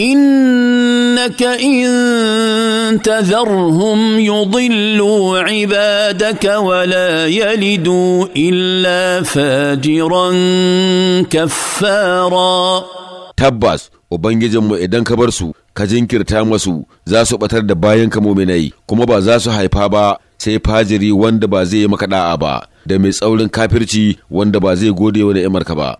انك ان تذرهم يضلوا عبادك ولا يلدوا الا فاجرا كفارا tabbas ubangijinmu idan ka bar su ka jinkirta masu za su batar da bayan ka muminai kuma ba za su haifa ba sai fajiri wanda ba zai yi maka da'a ba da mai tsaurin kafirci wanda ba zai gode wa imarka ba